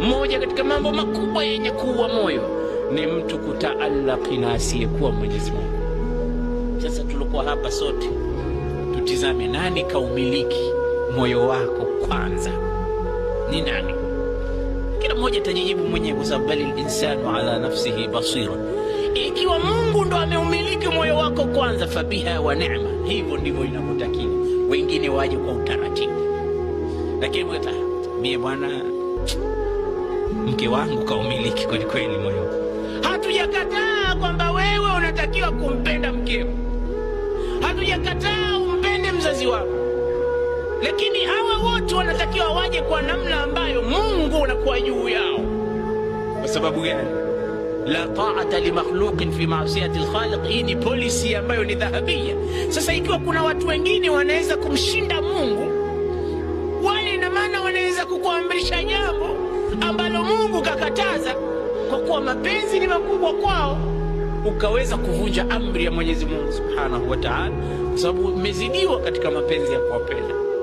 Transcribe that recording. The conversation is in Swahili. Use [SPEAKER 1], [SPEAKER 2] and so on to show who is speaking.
[SPEAKER 1] moja katika mambo makubwa yenye kuua moyo ni mtu kutaallaki na asiyekuwa Mwenyezi Mungu. Sasa tulikuwa hapa sote, tutizame nani kaumiliki moyo wako kwanza, ni nani? Kila mmoja atajijibu mwenyewe, kwa sababu bali linsanu ala nafsihi basira. Ikiwa Mungu ndo ameumiliki moyo wako kwanza, fabiha wa neema, hivyo ndivyo inavyotakiwa. Wengine waje kwa utaratibu, lakini mie bwana mke wangu kaumiliki kwelikweli moyo. Hatujakataa kwamba wewe unatakiwa kumpenda mkeo, hatujakataa umpende mzazi wako, lakini hawa wote wanatakiwa waje kwa namna ambayo Mungu unakuwa juu yao. Kwa sababu gani? La taata limakhluqin fi masiyati lkhaliq. Hii ni polisi ambayo ni dhahabia. Sasa ikiwa kuna watu wengine wanaweza kumshinda Mungu, wale ina maana wanaweza kukuamrisha Mungu kakataza kwa kuwa mapenzi ni makubwa kwao, ukaweza kuvunja amri ya Mwenyezi Mungu Subhanahu wa Ta'ala, kwa sababu umezidiwa katika mapenzi ya kuwapenda.